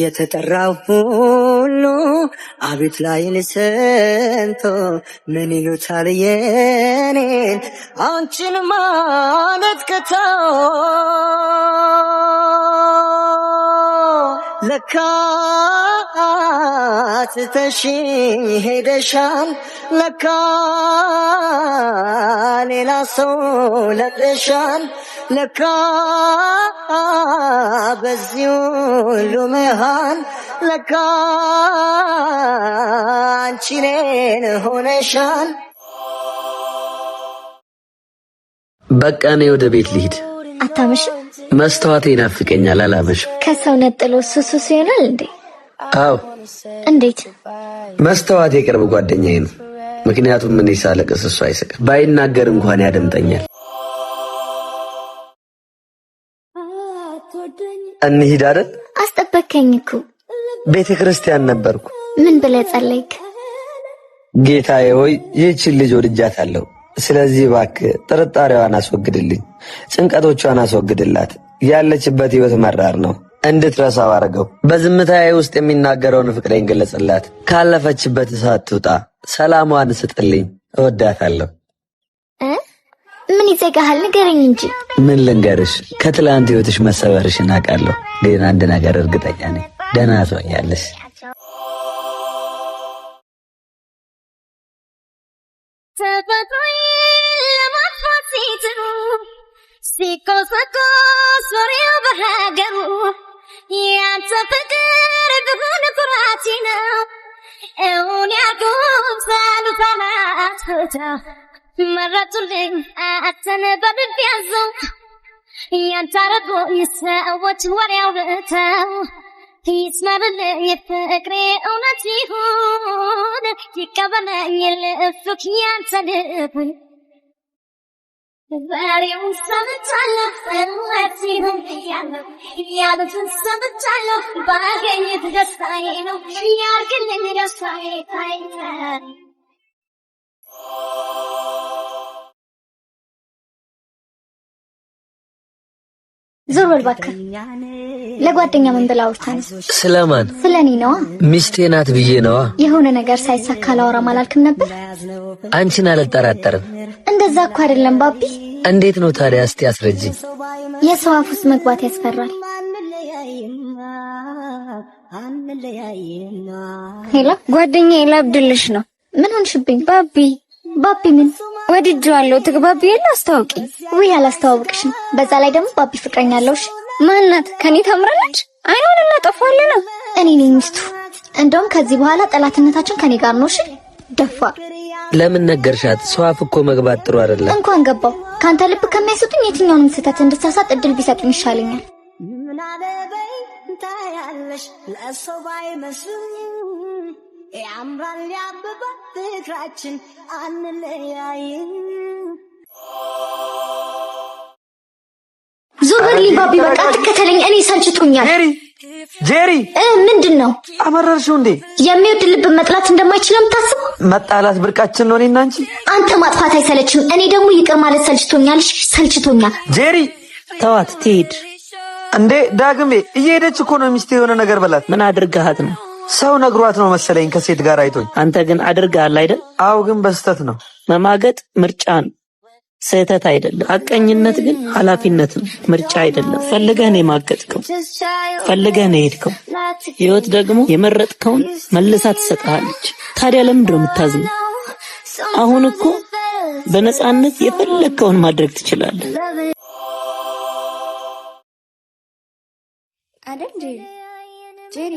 የተጠራው ሁሉ አቤት ላይል ሰምቶ ምን ይሉታል የኔን አንቺን ማለት ከተው لكات تشهد شام لكان لصولة شام لكا بزيول مهان لكان شنين هنشان بك انا يودا بيت ليد አታመሽም? መስተዋት ይናፍቀኛል። አላመሽም? ከሰው ነጥሎ ሱሱ ሲሆናል እንዴ? አዎ። እንዴት? መስተዋት የቅርብ ጓደኛዬ ነው። ምክንያቱም እኔ ሳለቅስ እሱ አይስቅም። ባይናገር እንኳን ያደምጠኛል። እንሂድ አይደል? አስጠበከኝ እኮ ቤተ ክርስቲያን ነበርኩ። ምን ብለህ ጸለይክ? ጌታዬ ሆይ ይህችን ልጅ ወድጃታለሁ ስለዚህ ባክ ጥርጣሬዋን አስወግድልኝ፣ ጭንቀቶቿን አስወግድላት። ያለችበት ህይወት መራር ነው። እንድትረሳው አድርገው። በዝምታዬ ውስጥ የሚናገረውን ፍቅሬን ገለጽላት። ካለፈችበት እሳት ትውጣ። ሰላሟን ስጥልኝ። እወዳታለሁ። ምን ይዘጋሃል? ንገረኝ እንጂ። ምን ልንገርሽ? ከትላንት ህይወትሽ መሰበርሽ እናውቃለሁ፣ ግን አንድ ነገር እርግጠኛ ነኝ፣ ደህና ትሆኛለሽ። ተፈጥሮ سيكوسكو سوري وبهاجرو يا تفكر بهون فراتنا اوني اقوم سالو فلا اتهتا مرة لي اتنا بدل في الزوم يا تربو يسا وتوري وبتاو يسمر لي فكري اونتي هون يكبر يلفك يا تلفي ባገኘት ደስታዬ ነው ያርግልኝ ደስታዬ ታይተ ዞር በል እባክህ። ለጓደኛ ምን ብላ አውርታ ነው? ስለማን? ስለኔ ነዋ። ሚስቴ ናት ብዬ ነዋ። የሆነ ነገር ሳይሳካ ላወራም አላልክም ነበር? አንቺን አልጠራጠርም። እንደዛ እኮ አይደለም ባቢ። እንዴት ነው ታዲያ? እስቲ አስረጅኝ። የሰው አፍ ውስጥ መግባት ያስፈራል። ሄሎ፣ ጓደኛዬ ላብድልሽ ነው። ምን ሆንሽብኝ ባቢ? ባቢ ምን ወድጄዋለሁ። ትግባቢ የለ አስተዋውቂ። ውይ አላስተዋውቅሽም። በዛ ላይ ደግሞ ባቢ ፍቅረኛ አለውሽ። ማናት? ከኔ ታምራለች። አይኗን እናጠፋዋለን። እኔ ነኝ ሚስቱ። እንደውም ከዚህ በኋላ ጠላትነታችን ከኔ ጋር ነው። እሺ ደፋ። ለምን ነገርሻት? ሰው አፍ እኮ መግባት ጥሩ አይደለም። እንኳን ገባው ካንተ ልብ ከሚያስጡኝ የትኛውንም ስህተት እንድሳሳት እድል ቢሰጡኝ ይሻለኛል። ያምራል ያበባ ፍቅራችን አንለያይም። ዞር በል ባቢ፣ በቃ እኔ ሰልችቶኛል። ጄሪ ምንድን ነው አበረርሽው እንዴ? የሚወድ ልብ መጥላት እንደማይችል የምታስብ መጣላት ብርቃችን ነው። እኔና አንቺ አንተ ማጥፋት አይሰለችም፣ እኔ ደግሞ ይቅር ማለት ሰልችቶኛል። ሰልችቶኛል። ጄሪ ተዋት ትሄድ እንዴ? ዳግሜ እየሄደች እኮ ነው። ሚስቴ የሆነ ነገር በላት። ምን አድርገሃት ነው? ሰው ነግሯት ነው መሰለኝ ከሴት ጋር አይቶኝ። አንተ ግን አድርገሃል አይደል? አው ግን በስተት ነው። መማገጥ ምርጫ ነው፣ ስህተት አይደለም። አቀኝነት ግን ኃላፊነት ነው፣ ምርጫ አይደለም። ፈልገህ ነው የማገጥከው፣ ፈልገህ ነው የሄድከው። ህይወት ደግሞ የመረጥከውን መልሳ ትሰጥሃለች። ታዲያ ለምንድን ነው የምታዝነው? አሁን እኮ በነፃነት የፈለግከውን ማድረግ ትችላለህ አይደል? ጄሪ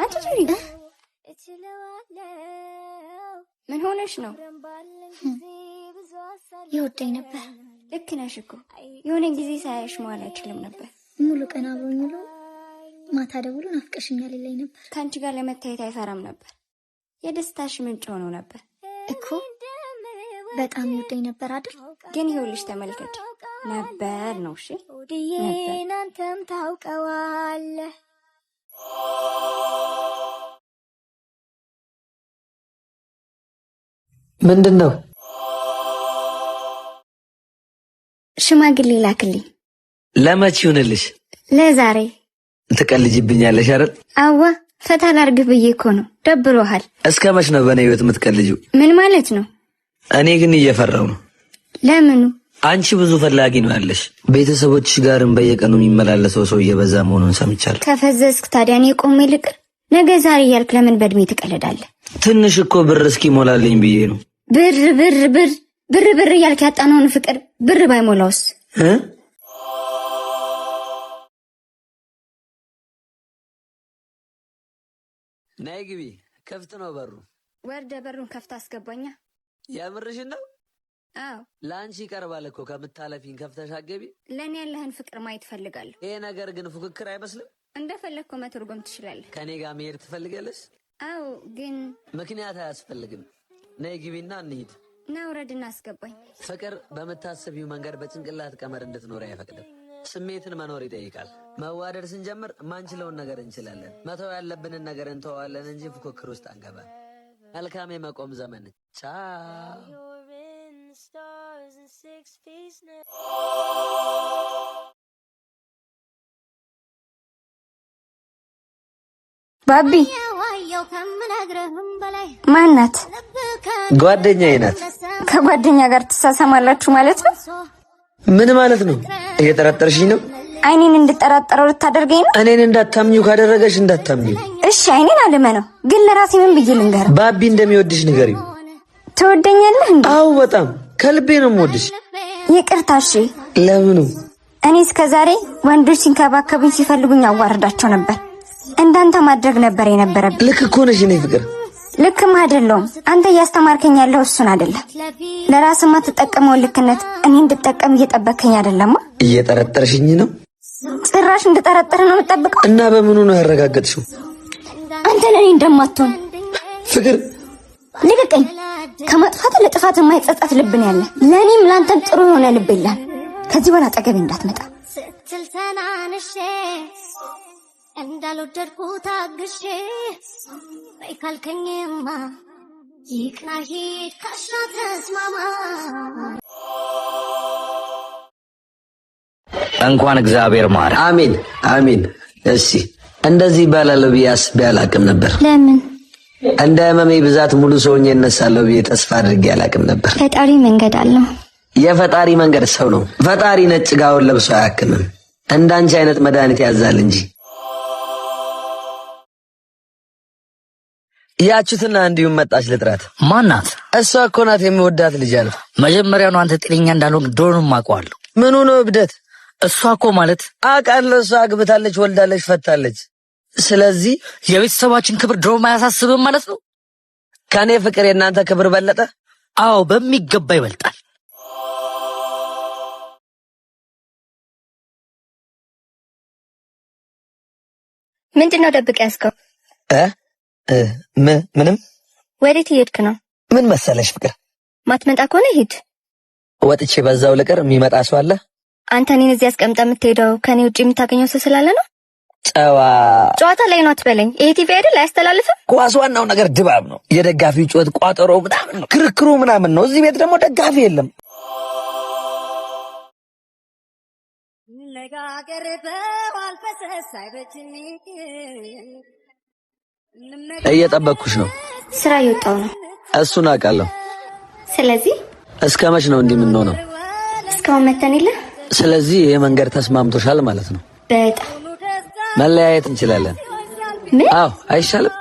አንቺ ጁሪ ምን ሆነሽ ነው? ይወደኝ ነበር። ልክ ነሽ እኮ የሆነ ጊዜ ሳያሽ መዋል አይችልም ነበር። ሙሉ ቀን አብሮኝ ውሎ ማታ ደውሎ ናፍቀሽኛል ይለኝ ነበር። ከአንቺ ጋር ለመታየት አይፈራም ነበር። የደስታሽ ምንጭ ሆኖ ነበር እኮ በጣም ይወደኝ ነበር አይደል? ግን ይኸውልሽ ተመልከች ነበር ነው እሺ። ወዲዬ እናንተም ታውቀዋለህ ምንድን ነው? ሽማግሌ ላክልኝ። ለመች ይሁንልሽ? ለዛሬ። ትቀልጅብኛለሽ አይደል? አዋ ፈታ ላርግ ብዬ እኮ ነው። ደብሮሃል። እስከ መች ነው በእኔ ህይወት የምትቀልጂው? ምን ማለት ነው? እኔ ግን እየፈራው ነው። ለምኑ? አንቺ ብዙ ፈላጊ ነው ያለሽ። ቤተሰቦችሽ ጋርም በየቀኑ የሚመላለሰው ሰው እየበዛ መሆኑን ሰምቻለሁ። ከፈዘዝክ ታዲያ እኔ ቆሜ ልቅር? ነገ ዛሬ እያልክ ለምን በእድሜ ትቀልዳለህ? ትንሽ እኮ ብር እስኪ እስኪሞላልኝ ብዬ ነው። ብር ብር ብር ብር ብር እያልክ ያጣነውን ፍቅር ብር ባይሞላውስ? ነይ ግቢ። ክፍት ነው በሩ። ወርደ በሩን ከፍታ አስገባኛ። የምርሽን ነው ለአንቺ ይቀርባል እኮ ከምታለፊን ከፍተሽ አገቢ። ለእኔ ያለህን ፍቅር ማየት ፈልጋለሁ። ይሄ ነገር ግን ፉክክር አይመስልም? እንደፈለግኩ መትርጉም ትችላለህ። ከእኔ ጋር መሄድ ትፈልጋለች አዎ፣ ግን ምክንያት አያስፈልግም። ነይ ግቢና እንሂድ። ና ውረድና አስገባኝ። ፍቅር በምታስቢው መንገድ በጭንቅላት ቀመር እንድትኖር አይፈቅድም። ስሜትን መኖር ይጠይቃል። መዋደድ ስንጀምር ማንችለውን ነገር እንችላለን። መተው ያለብንን ነገር እንተዋለን እንጂ ፉክክር ውስጥ አንገባ መልካም የመቆም ዘመን። ቻው the stars and six feet ባቢ ማናት? ጓደኛዬ ናት። ከጓደኛ ጋር ትሳሳማላችሁ ማለት ነው? ምን ማለት ነው? እየጠረጠርሽኝ ነው? አይኔን እንድጠራጠረው ልታደርገኝ ነው? እኔን እንዳታምኙ ካደረገሽ እንዳታምኙ። እሺ አይኔን አልመነው፣ ግን ለራሴ ምን ብዬ ልንገር? ባቢ እንደሚወድሽ ንገሪው። ትወደኛለህ እንዴ? አዎ፣ በጣም ከልቤ ነው የምወድሽ። ይቅርታ። እሺ፣ ለምኑ? እኔ እስከ ዛሬ ወንዶች ሲንከባከቡኝ ሲፈልጉኝ አዋርዳቸው ነበር። እንዳንተ ማድረግ ነበር የነበረብኝ። ልክ እኮ ነሽ እኔ ፍቅር። ልክም አይደለውም። አንተ እያስተማርከኝ ያለው እሱን አይደለም። ለራስ የማትጠቀመው ልክነት እኔ እንድጠቀም እየጠበከኝ አይደለም። እየጠረጠርሽኝ ነው። ጭራሽ እንድጠረጠር ነው የምጠብቀው። እና በምኑ ነው ያረጋገጥሽው? አንተ ለእኔ እንደማትሆን ፍቅር። ልቅቀኝ ከመጥፋት ለጥፋት የማይጸጸት ልብን ያለ ለእኔም ለአንተም ጥሩ የሆነ ልብ የለን። ከዚህ በኋላ አጠገቤ እንዳትመጣ ስትል ተናንሼ እንዳልወደድኩ ታግሼ በይ ካልከኝማ ይቅና ሂድ ካሻ ተስማማ። እንኳን እግዚአብሔር ማር። አሚን አሚን። እሺ እንደዚህ ባላለው ብዬ አላቅም ነበር። ለምን እንደ ህመሜ ብዛት ሙሉ ሰውኝ እነሳለሁ ብዬ ተስፋ አድርጌ አላቅም ነበር። ፈጣሪ መንገድ አለው። የፈጣሪ መንገድ ሰው ነው። ፈጣሪ ነጭ ጋውን ለብሶ አያክምም። እንዳንቺ አይነት መድኃኒት ያዛል እንጂ ያችሁትና እንዲሁም መጣች ልጥራት። ማናት? እሷ እኮ ናት የሚወዳት ልጅ አለ። መጀመሪያ ነው አንተ ጤነኛ እንዳልሆን ድሮውንም አውቀዋለሁ። ምኑ ነው እብደት? እሷ እኮ ማለት አውቃለሁ። እሷ አግብታለች፣ ወልዳለች፣ ፈታለች። ስለዚህ የቤተሰባችን ክብር ድሮም አያሳስብም ማለት ነው። ከእኔ ፍቅር የእናንተ ክብር በለጠ? አዎ በሚገባ ይበልጣል። ምንድን ነው ደብቅ ያዝከው? ምንም። ወዴት እየሄድክ ነው? ምን መሰለሽ ፍቅር፣ ማትመጣ ከሆነ ሂድ። ወጥቼ በዛው ልቅር። የሚመጣ ሰው አለ? አንተ እኔን እዚህ አስቀምጠ የምትሄደው ከእኔ ውጭ የምታገኘው ሰው ስላለ ነው? ጨዋታ ላይ ነው በለኝ ይሄ ቲቪ አይደል አያስተላልፍም። ኳስ ዋናው ነገር ድባብ ነው፣ የደጋፊው ጩኸት፣ ቋጠሮ ምናምን ነው፣ ክርክሩ ምናምን ነው። እዚህ ቤት ደግሞ ደጋፊ የለም። እየጠበቅኩሽ ነው። ስራ እየወጣሁ ነው። እሱን አውቃለሁ። ስለዚህ እስከ መች ነው እንዲህ የምንሆነው? እስካሁን መተን የለ። ስለዚህ ይሄ መንገድ ተስማምቶሻል ማለት ነው? በጣም መለያየት እንችላለን። አዎ አይሻልም?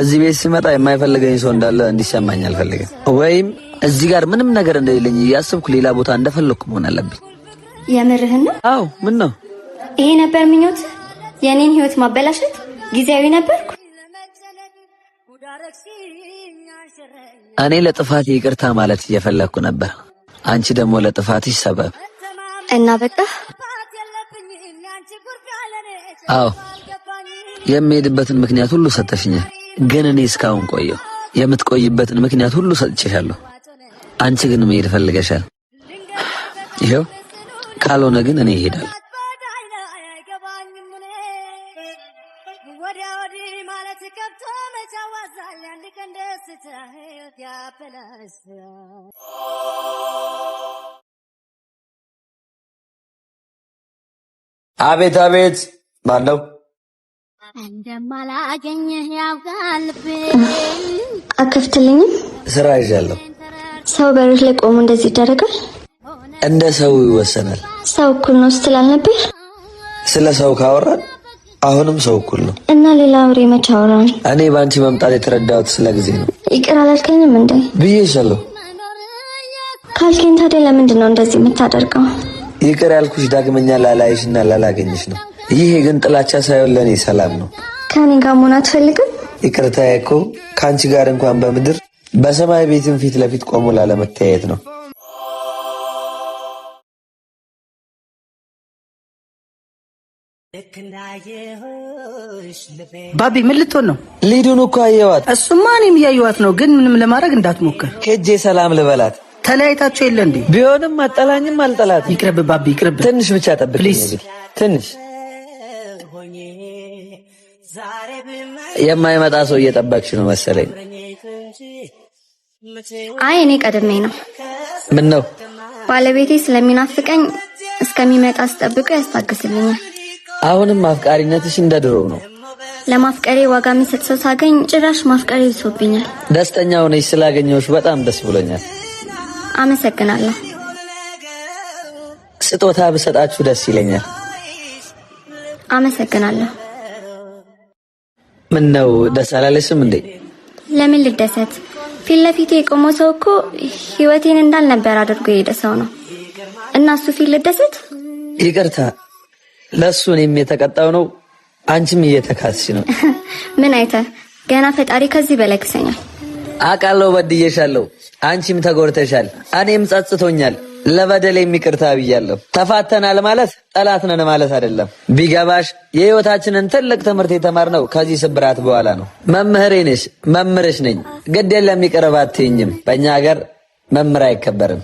እዚህ ቤት ሲመጣ የማይፈልገኝ ሰው እንዳለ እንዲሰማኝ አልፈልግም። ወይም እዚህ ጋር ምንም ነገር እንደሌለኝ እያስብኩ ሌላ ቦታ እንደፈለግኩ መሆን አለብኝ። የምርህን ነው? አዎ። ምን ነው ይሄ ነበር ምኞት? የእኔን ህይወት ማበላሸት? ጊዜያዊ ነበርኩ። እኔ ለጥፋት ይቅርታ ማለት እየፈለግኩ ነበር፣ አንቺ ደግሞ ለጥፋትሽ ሰበብ እና በቃ አዎ የምሄድበትን ምክንያት ሁሉ ሰጠሽኛል። ግን እኔ እስካሁን ቆየሁ። የምትቆይበትን ምክንያት ሁሉ ሰጥቼሻለሁ። አንቺ ግን መሄድ ፈልገሻል። ይኸው ካልሆነ ግን እኔ ይሄዳል አቤት አቤት ማነው አከፍትልኝም? ስራ ይዣለሁ። ሰው በሮች ላይ ቆሞ እንደዚህ ይደረጋል? እንደ ሰው ይወሰናል። ሰው እኩል ነው ስትል አልነበር? ስለ ሰው ካወራን አሁንም ሰው እኩል ነው። እና ሌላ አውሬ መች አወራን? እኔ በአንቺ መምጣት የተረዳሁት ስለ ጊዜ ነው። ይቅር አላልከኝም እንዴ? ብዬሻለሁ። ካልከኝ ታዲያ ለምንድን ነው እንደዚህ የምታደርገው? ይቅር ያልኩሽ ዳግመኛ ላላይሽ እና ላላገኝሽ ነው። ይሄ ግን ጥላቻ ሳይሆን ለእኔ ሰላም ነው። ከኔ ጋር መሆን አትፈልግም? ይቅርታ እኮ ከአንቺ ጋር እንኳን በምድር በሰማይ ቤትም ፊት ለፊት ቆሞ ላለመተያየት ነው። ባቢ ምን ልትሆን ነው? ሊዱን እኮ አየዋት። እሱማ እኔም እያየዋት ነው፣ ግን ምንም ለማድረግ እንዳትሞክር። ከእጄ ሰላም ልበላት። ተለያይታቸው የለ እንዴ? ቢሆንም አጠላኝም አልጠላት። ይቅርብ ባቢ ይቅርብ። ትንሽ ብቻ ጠብቅ፣ ትንሽ የማይመጣ ሰው እየጠበቅሽ ነው መሰለኝ። አይ እኔ ቀድሜ ነው። ምን ነው ባለቤቴ ስለሚናፍቀኝ እስከሚመጣ ስጠብቁ ያስታግስልኛል። አሁንም ማፍቃሪነትሽ እንደ ድሮው ነው። ለማፍቀሬ ዋጋ የሚሰጥ ሰው ሳገኝ ጭራሽ ማፍቀሬ ይዞብኛል። ደስተኛ ሆነሽ ስላገኘሁሽ በጣም ደስ ብሎኛል። አመሰግናለሁ። ስጦታ ብሰጣችሁ ደስ ይለኛል። አመሰግናለሁ። ምን ነው ደስ አላለሽም እንዴ? ለምን ልደሰት? ፊት ለፊቴ የቆመው ሰው እኮ ህይወቴን እንዳልነበር አድርጎ የሄደ ሰው ነው እና እሱ ፊት ልደሰት? ይቅርታ፣ ለእሱ እኔም የተቀጣው ነው፣ አንቺም እየተካስሽ ነው። ምን አይተ? ገና ፈጣሪ ከዚህ በላይ ክሰኛል። አቃለው፣ በድዬሻለሁ፣ አንቺም ተጎድተሻል፣ እኔም ጸጽቶኛል። ለበደል የሚቅርታ ብያለሁ። ተፋተናል ማለት ጠላት ነን ማለት አይደለም። ቢገባሽ የህይወታችንን ትልቅ ትምህርት የተማርነው ከዚህ ስብራት በኋላ ነው። መምህሬ ነሽ፣ መምህርሽ ነኝ። ግድ የለም ይቅር ባትይኝም። በእኛ ሀገር መምህር አይከበርም።